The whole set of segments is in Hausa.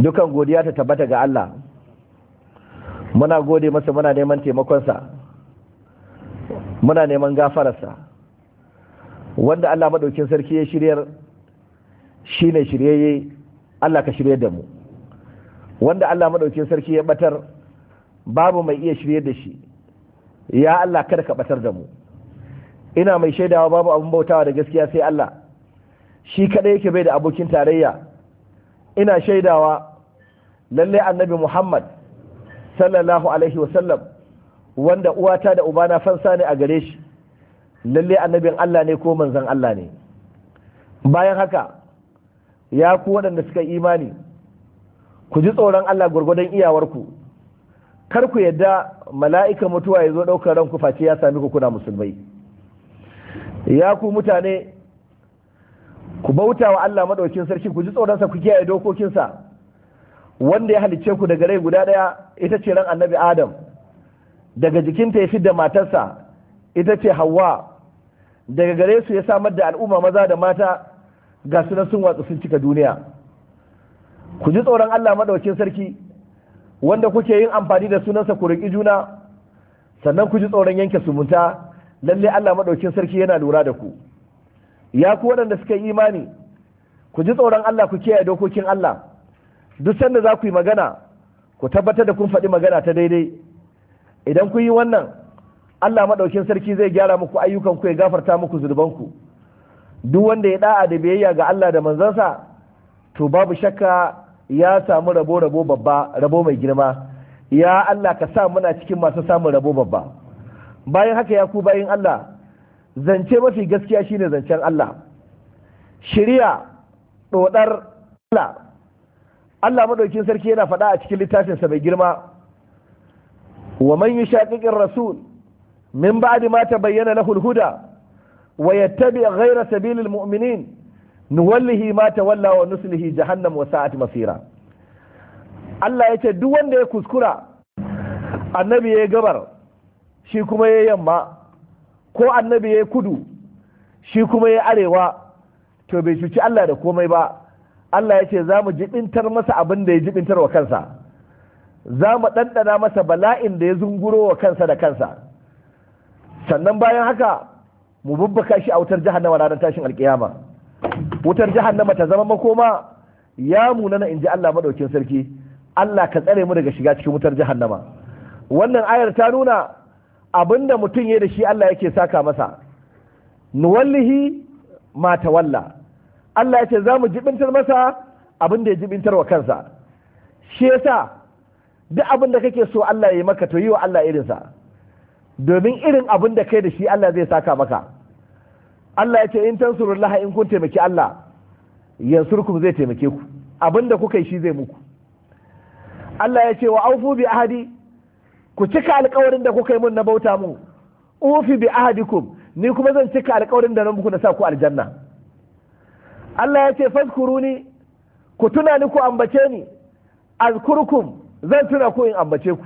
dukan godiya ta tabbata ga Allah muna gode masa muna neman taimakonsa muna neman gafararsa wanda Allah maɗaukin sarki ya shiryar shi ne shiryayye Allah ka shirye da mu wanda Allah maɗaukin sarki ya batar babu mai iya shirye da shi ya Allah kada ka batar da mu ina mai shaidawa babu abin bautawa da gaskiya sai Allah shi kaɗai yake bai da abokin tarayya ina shaidawa lallai annabi Muhammad sallallahu alaihi wasallam wanda uwata da ubana fansa ne a gare shi lallai annabin Allah ne ko manzon Allah ne bayan haka ya ku waɗanda suka imani ku ji tsoron Allah gwargwadon iyawarku kar ku yadda mala'ika mutuwa ya zo ɗaukar ranku face ya sami ku kuna musulmai ya ku mutane ku bauta wa Allah madaukin sarki ku ji tsoronsa ku kiyaye dokokinsa wanda ya halicce ku daga rai guda daya ita ce ran annabi adam daga jikinta ya fidda matarsa ita ce Hawwa daga gare su ya samar da al'umma maza da mata ga su sun watsu sun cika duniya ku ji tsoron Allah madaukin sarki wanda kuke yin amfani da sunansa ku riƙi juna sannan ku ji tsoron yanke sumunta lalle Allah madaukin sarki yana lura da ku ya ku waɗanda suka yi imani ku ji tsoron Allah ku kiyaye dokokin Allah duk sanda za ku yi magana ku tabbatar da kun faɗi magana ta daidai idan ku yi wannan Allah maɗaukin sarki zai gyara muku ayyukan ku ya gafarta muku zurbanku duk wanda ya ɗa'a da biyayya ga Allah da manzansa to babu shakka ya samu rabo rabo babba rabo mai girma ya Allah ka sa muna cikin masu samun rabo babba bayan haka ya ku bayin Allah zance mafi gaskiya shine zancen Allah shirya ɗodar Allah Allah maɗaukin sarki yana faɗa a cikin littafinsa mai girma wa man yushaqiqir rasul min ba'di ma tabayyana lahu al-huda wa yattabi ghayra sabilil mu'minin nuwallihi ma tawalla wa nuslihi jahannam wa sa'at masira Allah yace duk wanda ya kuskura annabi ya gabar shi kuma ya yamma ko annabi ya yi kudu shi kuma ya arewa to bai cuci Allah da komai ba Allah ya ce za mu jibintar masa abin da ya jibintar wa kansa za mu ɗanɗana masa bala'in da ya zunguro wa kansa da kansa sannan bayan haka mu babbaka shi a wutar jihar jahannama ranar tashin alƙiyama. wutar jihar jahannama ta zama makoma ya munana in ji Allah madaukin sarki Allah ka tsare mu daga shiga cikin wutar jahannama wannan ayar ta nuna da mutum ya da shi Allah yake saka masa nuwallihi ma tawalla Allah ya ce za mu jibintar masa abin da ya jibintar wa kansa shi yasa duk abin da kake so Allah ya yi maka to yi wa Allah irinsa domin irin abin da kai da shi Allah zai saka maka Allah ya ce in tansurullah in kun taimaki Allah yansurkum zai taimake ku abin da kuka yi shi zai muku Allah ya ce wa aufu bi ahadi ku cika alkawarin da kuka yi mun na bauta mu ufi bi ahadikum ni kuma zan cika alkawarin da na muku na sa ku aljanna Allah ya ce fazkuruni ku tuna ni ku ambace ni azkurkum zan tuna ku in ambace ku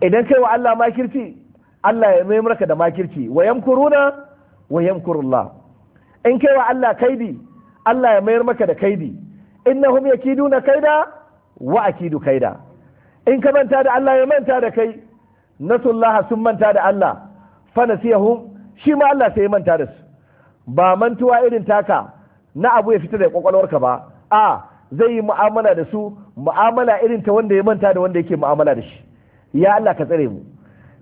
idan kai wa Allah makirci Allah ya mai maka da makirci wa yamkuruna wa yamkurullah in kai wa Allah kaidi Allah ya mayar maka da kaidi innahum yakiduna kaida wa akidu kaida in ka manta da Allah ya manta da kai nasullaha sun manta da Allah fa nasiyahum shi ma Allah sai ya manta da su ba mantuwa irin taka na abu ya fita da kwakwalwarka ba a zai yi mu'amala da su mu'amala irin ta wanda ya manta da wanda yake mu'amala da shi ya Allah ka tsare mu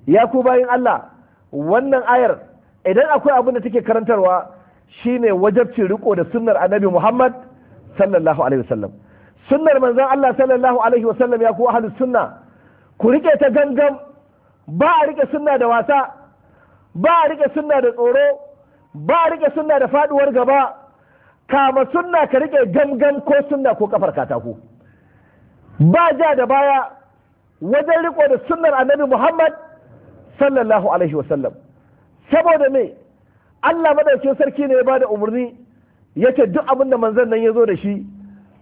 ya ku bayin Allah wannan ayar idan akwai abin da take karantarwa shine wajabcin riko da sunnar annabi Muhammad sallallahu alaihi wasallam sunnar manzon Allah sallallahu alaihi wasallam ya ku ahlus sunna ku rike ta gangan ba a rike sunna da wasa ba a rike sunna da tsoro ba a rike sunna da faduwar gaba kama sunna ka rike gangan ko sunna ko kafar katako ba ja da baya wajen riko da sunnar annabi Muhammad sallallahu alaihi wasallam saboda me Allah madaukin sarki ne ya bada umarni yace duk abin da manzon nan ya zo da shi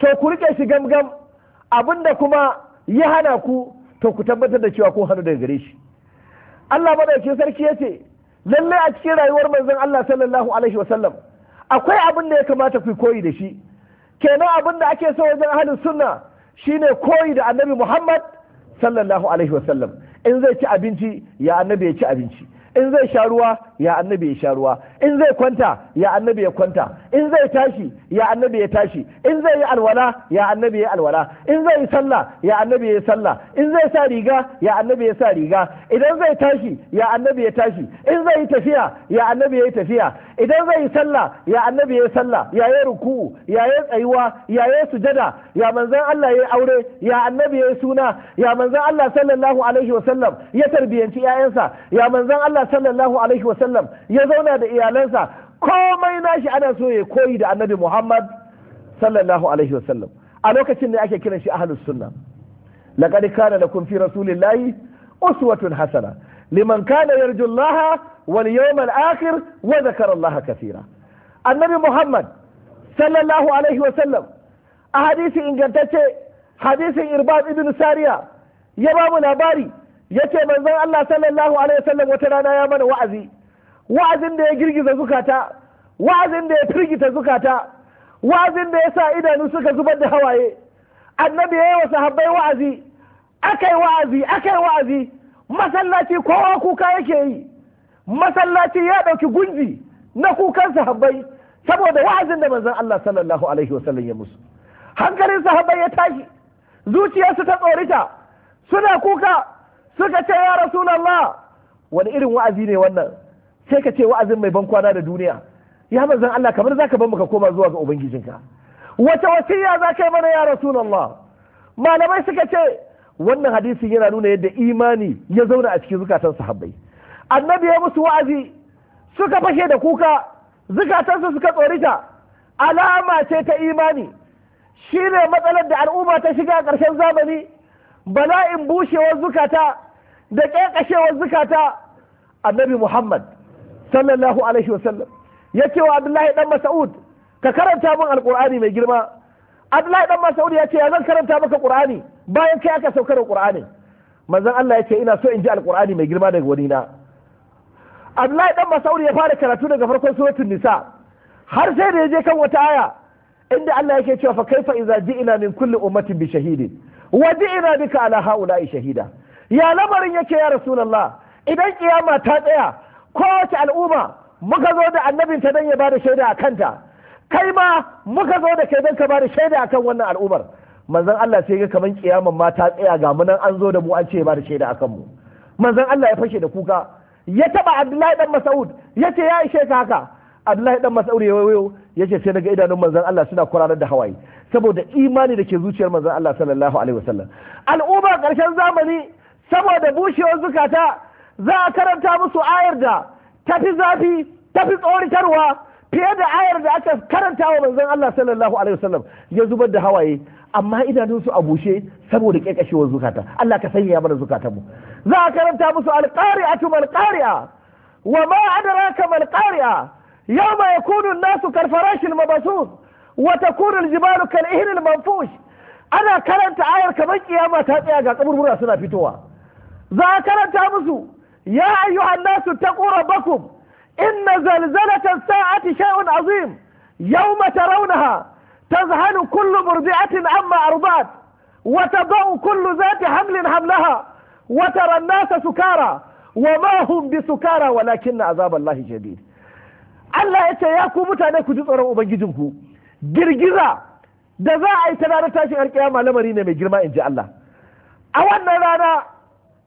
to ku rike shi gamgam abinda kuma ya hana ku to ku tabbatar da cewa kun hannu daga gare shi Allah madaukakin sarki ya ce lalle a cikin rayuwar manzon Allah sallallahu alaihi wasallam akwai abin da ya kamata ku koyi da shi kenan abin da ake so wajen ahlus sunna shine koyi da annabi Muhammad sallallahu alaihi wasallam in zai ci abinci ya annabi ya ci abinci in zai sha ruwa ya annabi ya sha ruwa in zai kwanta ya annabi ya kwanta in zai tashi ya annabi ya tashi in zai yi alwala ya annabi ya alwala in zai yi sallah ya annabi ya sallah in zai sa riga ya annabi ya sa riga idan zai tashi ya annabi ya tashi in zai yi tafiya ya annabi ya yi tafiya idan zai yi sallah ya annabi ya sallah ya yi ruku'u ya yi tsayuwa ya yi sujada ya manzon Allah ya aure ya annabi ya suna ya manzon Allah sallallahu alaihi wa ya tarbiyanci ƴaƴansa ya manzon Allah sallallahu alaihi ya zauna da iyalansa komai nashi ana so ya koyi da annabi Muhammad sallallahu alaihi a lokacin da ake kiran shi ahlus sunna laqad kana lakum fi rasulillahi uswatun hasana liman kana yarju wal yawmal akhir wa zakara Allah kathira annabi Muhammad sallallahu alaihi wa sallam a hadisi ingantacce hadisin Irbad ibn Sariya ya bamu labari yace manzon Allah sallallahu alaihi wa sallam wata rana ya mana wa'azi wa'azin da ya girgiza zukata wa'azin da ya firgita zukata wa'azin da ya sa idanu suka zubar da hawaye annabi ya yi wa sahabbai wa'azi akai wa'azi akai wa'azi masallaci kowa kuka yake yi masallaci ya ɗauki gunji na kukan sahabbai saboda wa'azin da manzon Allah sallallahu alaihi sallam ya musu hankalin sahabbai ya tashi zuciyarsu ta tsorita suna kuka suka ce ya rasulullah wani irin wa'azi ne wannan sai ka ce wa'azin mai ban kwana da duniya ya manzon Allah kamar zaka bar muka koma zuwa ga ubangijinka wace wasiya za ka yi mana ya rasulullah malamai suka ce wannan hadisin yana nuna yadda imani ya zauna a cikin zukatan sahabbai annabi ya musu wa'azi suka fashe da kuka zukatansu suka tsorita alama ce ta imani shi ne matsalar da al'umma ta shiga a ƙarshen zamani bala'in bushewar zukata da ƙaƙashewar zukata annabi muhammad sallallahu alaihi wasallam ya ce wa abdullahi dan mas'ud ka karanta min alqur'ani mai girma abdullahi dan mas'ud ya ce ya zan karanta maka qur'ani bayan kai aka saukar da qur'anin manzon Allah ya ce ina so in ji alqur'ani mai girma daga wani na Allah dan Masauri ya fara karatu daga farkon suratul Nisa har sai da ya je kan wata aya inda Allah yake cewa fa kaifa idza ji'na min kulli ummatin bi shahidin wa ji'na bika ala haula'i shahida ya lamarin yake ya rasulullah idan kiyama ta tsaya kowace al'umma muka zo da annabin ta dan ya bada shaida a kanta kai ma muka zo da kai dan ka bada shaida akan wannan al'ummar manzon Allah sai ga kaman kiyaman ma ta tsaya ga munan nan an zo da mu an ce ba da shaida akan mu manzon Allah ya fashe da kuka ya taba abdullahi dan ya ce ya ishe ka haka abdullahi dan mas'ud ya wayo ce sai daga idanun manzon Allah suna kwararar da hawaye saboda imani da ke zuciyar manzon Allah sallallahu alaihi wasallam al'umma karshen zamani saboda bushewar zukata za a karanta musu ayar da tafi zafi tafi tsoritarwa fiye da ayar da aka karanta wa manzon Allah sallallahu alaihi wasallam ya zubar da hawaye amma idanunsu a bushe saboda kekashewar zukata Allah ka sanya mana zukatanmu za a karanta musu alqari'atu mal qari'a wa ma adraka mal yau yawma yakunu an-nasu kal farashil mabsus wa takunu al-jibalu kal ihri ana karanta ayar kamar kiyama ta tsaya ga kaburbura suna fitowa za a karanta musu ya ayyuhan nasu taqu baku, inna zalzalata as-sa'ati shay'un azim yawma tarawnaha تذهل كل مرضعة عما أرضعت وتضع كل ذات حمل حملها وترى الناس سكارى وما هم بسكارى ولكن عذاب الله شديد Allah ya ce ya ku mutane ku ji tsaron tsoron ku. girgiza da za a yi ta ranar tashin alkiyama lamari ne mai girma in ji Allah a wannan rana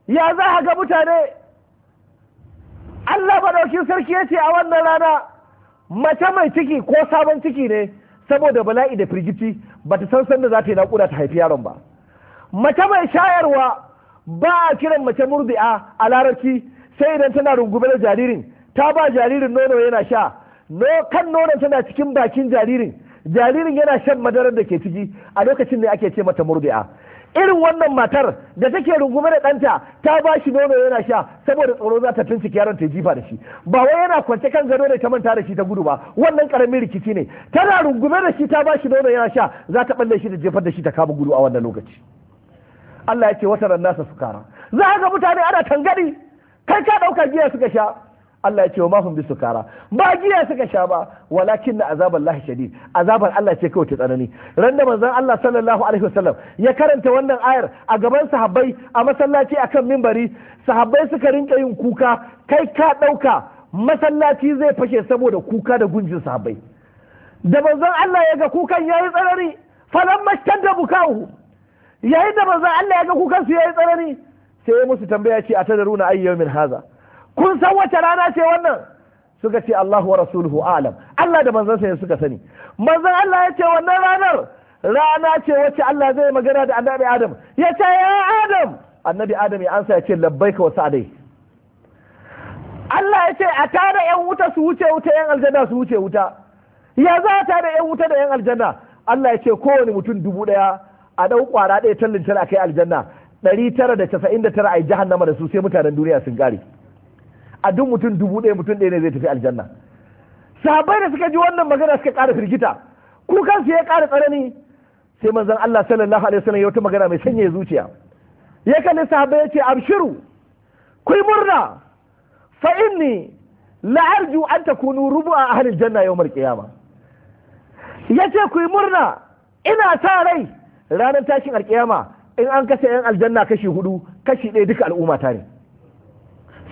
ya za a ga mutane Allah madaukin sarki ya ce a wannan rana mace mai ciki ko sabon ciki ne saboda bala'i da firgici ba ta san sanda za ta yi naƙuda ta haifi yaron ba mace mai shayarwa ba a kiran mace murdi'a a larabci sai idan tana rungume da jaririn ta ba jaririn nono yana sha no kan nonon tana cikin bakin jaririn jaririn yana shan madarar da ke ciki a lokacin ne ake ce mata murdi'a irin wannan matar da take rungume da ɗanta ta ba shi nono yana sha saboda tsoro za ta tunci yaron ta jifa da shi ba wai yana kwance kan gado ne ta manta da shi ta gudu ba wannan karamin rikici ne tana rungume da shi ta ba shi nono yana sha za ta balle shi da jefar da shi ta kama gudu a wannan lokaci Allah ya ce wata ran nasa kara, za ga mutane ana tangari kai ka ɗauka giya suka sha Allah ya ce wa ma su kara, ba giya suka sha ba walakin na azaban lahi shadid azaban Allah ce kawai ta tsanani ran da manzon Allah sallallahu alaihi wasallam ya karanta wannan ayar a gaban sahabbai a masallaci akan mimbari sahabbai suka rinka yin kuka kai ka ɗauka masallaci zai fashe saboda kuka da gunjin sahabbai da manzon Allah ya ga kukan yayi tsanani falan mashtadda bukahu yayin da manzon Allah ya ga kukan su yayi tsanani sai ya musu tambaya ce a ayyau min haza kun san wace rana ce wannan suka ce Allahu wa rasuluhu alam Allah da manzon sa suka sani manzon Allah ya ce wannan ranar rana ce wacce Allah zai magana da annabi Adam ya ce ya Adam annabi Adam ya ansa ya ce labbaika wa sa'dai Allah ya ce a tara yan wuta su wuce wuta yan aljanna su wuce wuta ya za ta da yan wuta da yan aljanna Allah ya ce kowane mutum dubu daya a dau kwara ɗaya tallin a kai aljanna ɗari tara da casa'in da tara a yi jahannama da su sai mutanen duniya sun kare a duk mutum dubu ɗaya mutum ɗaya ne zai tafi aljanna sahabbai da suka ji wannan magana suka ƙara firgita kukan su ya ƙara tsanani sai manzon Allah sallallahu alaihi wasallam ya wata magana mai sanya zuciya ya kalli sahabbai ya ce abshiru ku yi murna fa inni la arju an takunu rubu'a ahli janna yawmal qiyamah yace ku yi murna ina sa rai ranar tashin alkiyama in an kasa yan aljanna kashi hudu kashi ɗaya duka al'umma ta ne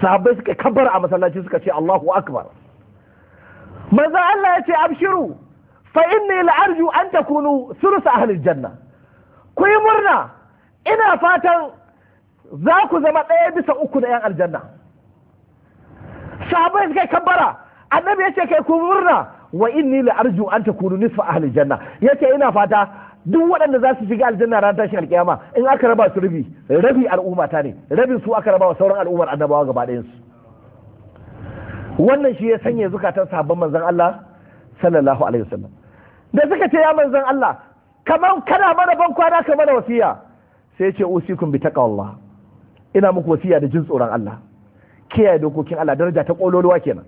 sahabbai suka kabbar a masallaci suka ce Allahu akbar manzo Allah ya ce abshiru fa inni la'arju an takunu sulus ahlil janna ku yi murna ina fatan za ku zama ɗaya bisa uku da yan aljanna sahabbai suka kabbara annabi ya ce kai ku murna wa inni la'arju an takunu nisfa ahlil janna yace ina fata duk waɗanda za su shiga aljanna ran tashin alkiyama in aka raba su rabi rabi al'umma ta ne Rabi su aka raba wa sauran al'ummar annabawa gaba ɗayan su wannan shi ya sanya zukatan sahabban manzon Allah sallallahu alaihi wasallam da suka ce ya manzon Allah kamar kana mana ban kwana ka mana wasiya sai ya ce usikum bi taqwallah ina muku wasiya da jin tsoron Allah kiyaye dokokin Allah daraja ta kololuwa kenan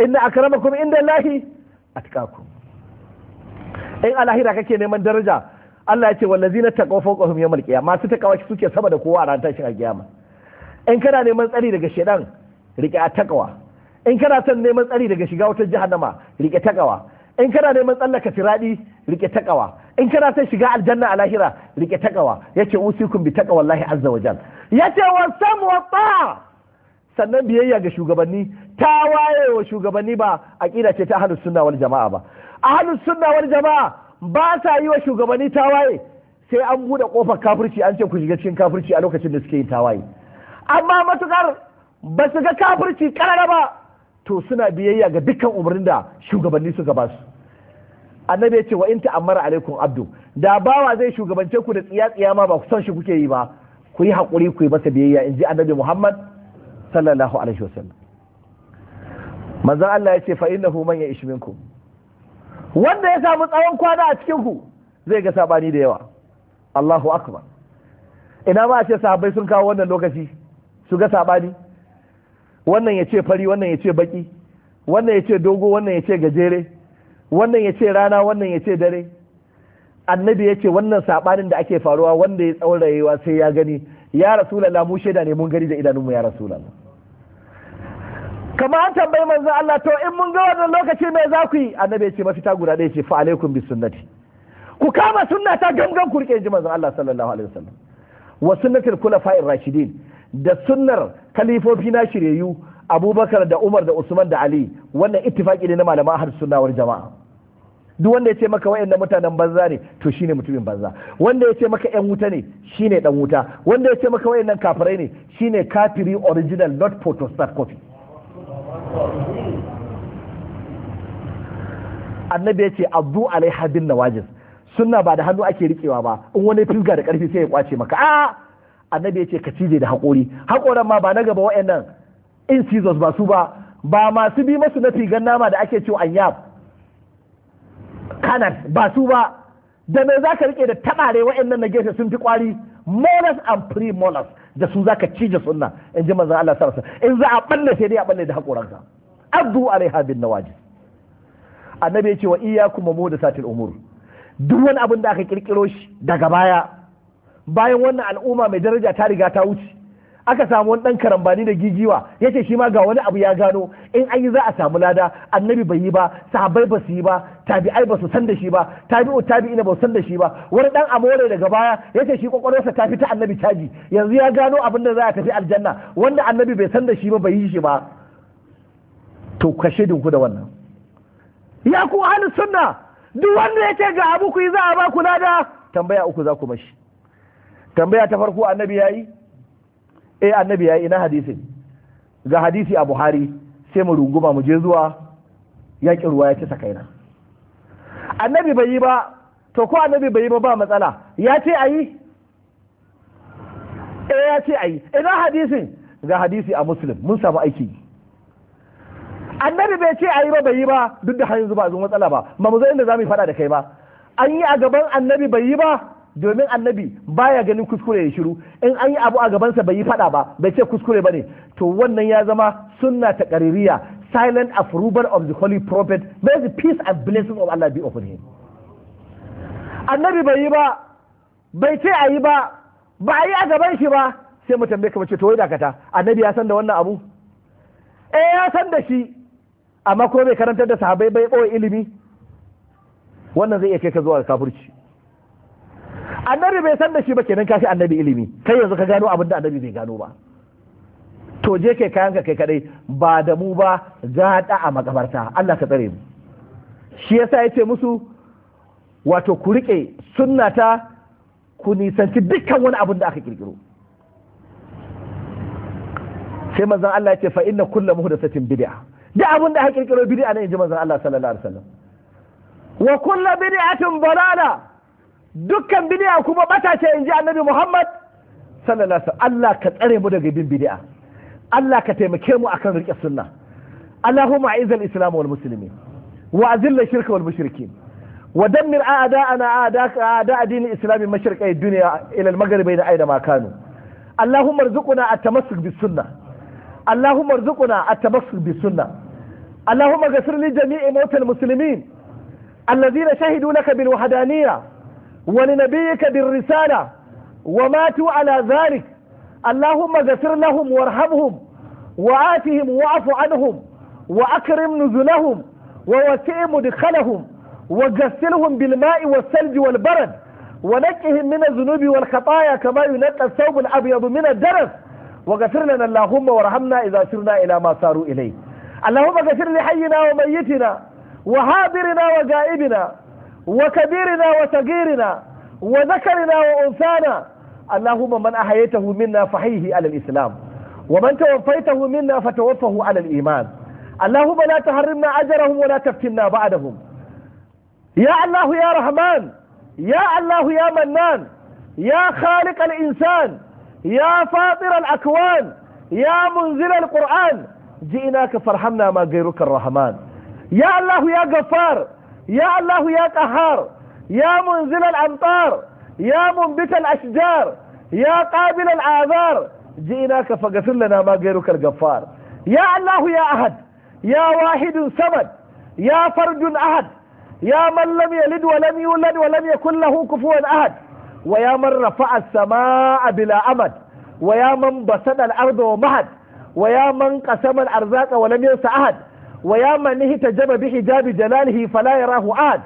inna akramakum inda Allah atqakum in alahira kake neman daraja Allah ya ce wallazina ƙofa fawqahum yawmal qiyamah masu takawa suke sama da kowa a ran tashin alƙiyama in kana neman tsari daga shedan rike a taƙawa. in kana son neman tsari daga shiga wutar jahannama rike taƙawa. in kana neman tsallaka siradi rike taƙawa. in kana son shiga aljanna a lahira rike takawa yace usikun bi wallahi azza wa jal ce wa sam wa ta sannan biyayya ga shugabanni ta waye wa shugabanni ba ƙira ce ta ahlus sunna wal jama'a ba ahlus sunna wal jama'a ba sa yi wa shugabanni tawaye sai an bude kofar kafirci an ce ku shiga cikin kafirci a lokacin da suke yin tawaye amma matukar ba su ga kafirci karara ba to suna biyayya ga dukkan umarnin da shugabanni suka ba su annabi ya ce wa in amara alaikum abdu da bawa zai shugabance ku da tsiya tsiya ma ba ku san shi kuke yi ba ku yi hakuri ku yi masa biyayya in ji annabi muhammad sallallahu alaihi wasallam manzon Allah ya ce fa innahu man ya ishminkum wanda ya samu tsawon kwana a cikin ku zai ga sabani da yawa Allahu akbar ina ma ce sahabbai sun kawo wannan lokaci su ga sabani wannan ya ce fari wannan ya ce baki wannan ya ce dogo wannan ya ce gajere wannan ya ce rana wannan ya ce dare annabi ya ce wannan sabanin da ake faruwa wanda ya tsawon rayuwa sai ya gani ya rasulallah mu shaida ne mun gani da idanunmu ya rasu rasulallah kama an tambayi manzon Allah to in mun ga wannan lokaci me za ku yi annabi ya ce mafita guda ɗaya ce fa alaikum bi sunnati ku kama sunna ta gangan ku rike ji manzon Allah sallallahu alaihi wasallam wa sunnatul khulafa'ir rashidin da sunnar kalifofi na shiryayyu abubakar da umar da usman da ali wannan ittifaki ne na malaman har sunnawar jama'a duk wanda ya ce maka wayannan mutanen banza ne to shine mutumin banza wanda ya ce maka yan wuta ne shine dan wuta wanda ya ce maka wayannan kafirai ne shine kafiri original not photostat coffee annabi ya ce alai hadin na wajis suna ba da hannu ake rikewa ba in wani fisga da karfi sai ya kwace maka a annabi ya ce ka cije da haƙori haƙoran ma ba na gaba wa'annan in scissors ba su ba ba masu bi masu na figan nama da ake ciwo anya kanar ba su ba da me za ka rike da taɓare wa'annan na gefe sun fi kwari molas and pre molas da su zaka cije sunna in ji manzon Allah sallallahu alaihi wasallam in za a balle sai dai a balle da hakoranka addu alaiha bin nawajis annabi ya ce wa iyyakum satin umur duk wani abin da aka kirkiro shi daga baya bayan wannan al'umma mai daraja ta riga ta wuce aka samu wani dan karambani da gigiwa yace shi ma ga wani abu ya gano in an za a samu lada annabi bai yi ba sahabbai ba su yi ba tabi'ai ba su san da shi ba tabi'u tabi'ina ba su san da shi ba wani dan amore daga baya yace shi kokorinsa ta fita annabi caji yanzu ya gano abin da za a tafi aljanna wanda annabi bai san da shi ba bai yi shi ba to ka shaidin ku da wannan ya ku ahli sunna duk wanda yace ga abu ku yi za a ba ku lada tambaya uku za ku mashi tambaya ta farko annabi yayi eh annabi ya yi ina hadisin ga hadisi a buhari sai mu runguma mu je zuwa yaƙin ruwa ya ci sakaina annabi bai yi ba to ko annabi bai yi ba ba matsala ya ce ayi eh ya ce ayi ina hadisin ga hadisi a muslim mun samu aiki annabi bai ce ayi ba bai yi ba duk da hanyar yanzu ba matsala ba ba mu zo inda zamu faɗa da kai ba an yi a gaban annabi bai yi ba domin annabi baya ganin kuskure ya shiru in an yi abu a gabansa bai yi fada ba bai ce kuskure ba ne to wannan ya zama sunna ta kaririya silent approval of the holy prophet may the peace and blessing of Allah be upon him annabi bai yi ba bai ce a yi ba ba a yi a gaban shi ba sai mu tambaye kamar ce to dakata annabi ya san da wannan abu eh ya san da shi amma ko bai karantar da sahabbai bai ɓoye ilimi wannan zai iya kai ka zuwa kafirci annabi bai san da shi ba kenan kafi annabi ilimi kai yanzu ka gano abin da annabi bai gano ba to je kai kayanka kai kadai ba da mu ba gada a makabarta Allah ka tsare mu shi yasa yace musu wato ku rike sunnata ku nisanci dukkan wani abin da aka kirkiro sai manzon Allah yace fa inna kullu muhdathatin bid'a duk abin da aka kirkiro bid'a ne inji manzon Allah sallallahu alaihi wasallam wa kullu bid'atin dalala dukkan bid'a kuma bata ce in ji annabi Muhammad sallallahu alaihi Allah ka tsare mu daga bin bid'a Allah ka taimake mu akan rike sunna Allahumma a'izal islam wal muslimin wa azil shirk wal mushrikin wa dammir a'da'ana a'da'aka a'da'a din islam mashriqi dunya ila al maghribi da aida ma kanu Allahumma arzuqna at-tamassuk bis sunnah Allahumma arzuqna at-tamassuk bis sunnah Allahumma ghfir li jami'i mawtal muslimin الذين شهدوا لك بالوحدانيه ولنبيك بالرسالة وماتوا على ذلك اللهم غفر لهم وارحمهم وآتهم واعف عنهم وأكرم نزلهم ووسع مدخلهم وغسلهم بالماء والثلج والبرد ونقهم من الذنوب والخطايا كما ينقى الثوب الأبيض من الدرس وغفر لنا اللهم وارحمنا إذا سرنا إلى ما ساروا إليه اللهم غفر لحينا وميتنا وحاضرنا وغائبنا وكبيرنا وصغيرنا وذكرنا وأنثانا اللهم من أحييته منا فحيه على الإسلام ومن توفيته منا فتوفه على الإيمان اللهم لا تحرمنا أجرهم ولا تفتنا بعدهم يا الله يا رحمن يا الله يا منان يا خالق الإنسان يا فاطر الأكوان يا منزل القرآن جئناك فارحمنا ما غيرك الرحمن يا الله يا غفار يا الله يا قهار يا منزل الأمطار يا منبت الأشجار يا قابل الاعذار جئناك فغفر لنا ما غيرك الغفار يا الله يا أحد يا واحد سمد يا فرج أحد يا من لم يلد ولم يولد ولم يكن له كفوا أحد ويا من رفع السماء بلا أمد ويا من بسد الأرض ومهد ويا من قسم الأرزاق ولم ينس أحد wa ya manihi ta jaba bi hijabi jalalihi fala yarahu ahad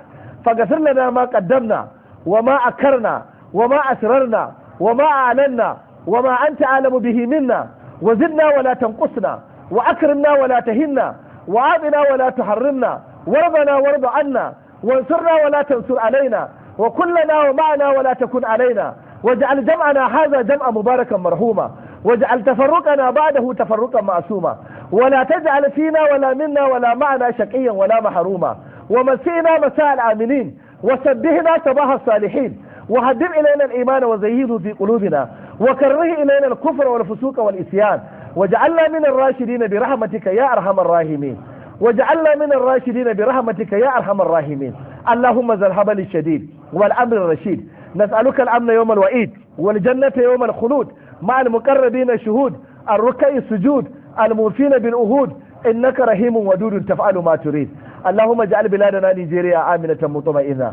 fa gasarna da ma qaddamna wa ma akarna wa ma na. wa ma alanna wa ma anta alamu bihi minna wa zidna wa la tanqusna wa akrimna wa la tahinna wa adina wa kulla tuharrimna warbana warba anna وانصرنا ولا تنصر علينا وكلنا ومعنا ولا تكن علينا واجعل جمعنا هذا جمع مباركا مرحوما واجعل تفرقنا بعده تفرقا معصوما ولا تجعل فينا ولا منا ولا معنا شقيا ولا محروما ومسينا مساء العاملين وسبهنا صباح الصالحين وهدم إلينا الإيمان وزيده في قلوبنا وكره إلينا الكفر والفسوق والإسيان واجعلنا من الراشدين برحمتك يا أرحم الراحمين واجعلنا من الراشدين برحمتك يا أرحم الراحمين اللهم ذا الهبل الشديد والأمر الرشيد نسألك الأمن يوم الوئيد والجنة يوم الخلود مع المقربين الشهود الركع السجود الموفين بالأهود إنك رحيم ودود تفعل ما تريد اللهم اجعل بلادنا نيجيريا آمنة مطمئنة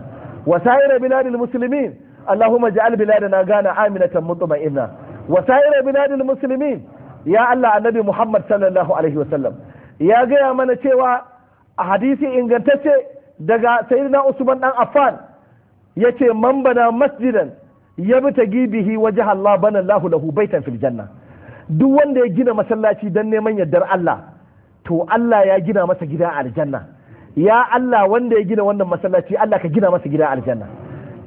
وسائر بلاد المسلمين اللهم اجعل بلادنا غانا آمنة مطمئنة وسائر بلاد المسلمين يا الله النبي محمد صلى الله عليه وسلم يا جاي من تشوا حديثي إن قلت daga sayyidina Usman dan Affan yace man bana masjidan yabtagi bihi wajha Allah bana Allahu lahu baitan fil janna duk wanda ya gina masallaci don neman yardar Allah to Allah ya gina masa gida a aljanna ya Allah wanda ya gina wannan masallaci Allah ka gina masa gida a aljanna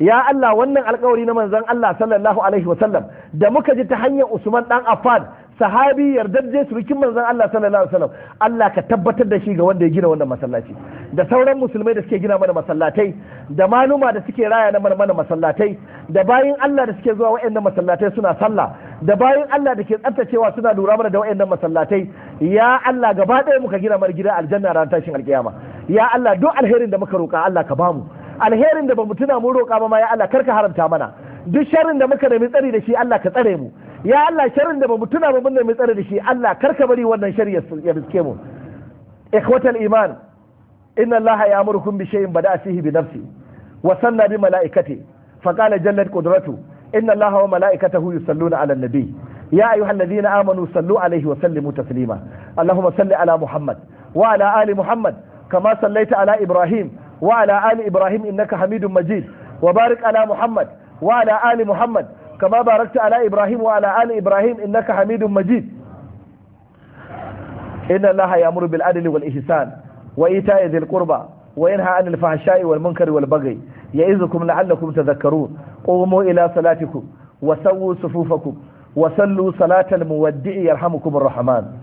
ya Allah wannan alkawari na manzon Allah sallallahu alaihi wasallam da muka ji ta hanyar Usman dan Affan sahabi yardajje surukin manzon Allah sallallahu alaihi wasallam Allah ka tabbatar da shi ga wanda ya gina wannan masallaci da sauran musulmai da suke gina mana masallatai da maluma da suke raya na mana masallatai da bayin Allah da suke zuwa wa'annan masallatai suna sallah da bayin Allah da ke tsaftacewa suna lura mana da wa'annan masallatai ya Allah gaba ɗaya muka gina mana gida aljanna ran tashin alkiyama ya Allah duk alherin da muka roƙa Allah ka bamu alherin da bamu tuna mun roƙa ba ma ya Allah karka haramta mana duk sharrin da muka nemi tsari da shi Allah ka tsare mu ya Allah sharrin da mu tuna ba mun mai tsare da shi Allah karka bari wannan sharri ya biske mu ikhwatal iman inna Allah ya'murukum bi shay'in bada'a fihi bi nafsi wa sanna bi malaikati fa qala jallat qudratu inna Allah wa malaikatahu yusalluna 'ala nabi ya ayyuhalladhina amanu sallu 'alayhi wa sallimu taslima Allahumma salli 'ala Muhammad wa 'ala ali Muhammad kama sallaita 'ala Ibrahim wa 'ala ali Ibrahim innaka Hamidum Majid wa barik 'ala Muhammad wa 'ala ali Muhammad كما باركت على إبراهيم وعلى آل إبراهيم إنك حميد مجيد إن الله يأمر بالعدل والإحسان وإيتاء ذي القربى وينهى عن الفحشاء والمنكر والبغي يعظكم لعلكم تذكرون قوموا إلى صلاتكم وسووا صفوفكم وصلوا صلاة المودع يرحمكم الرحمن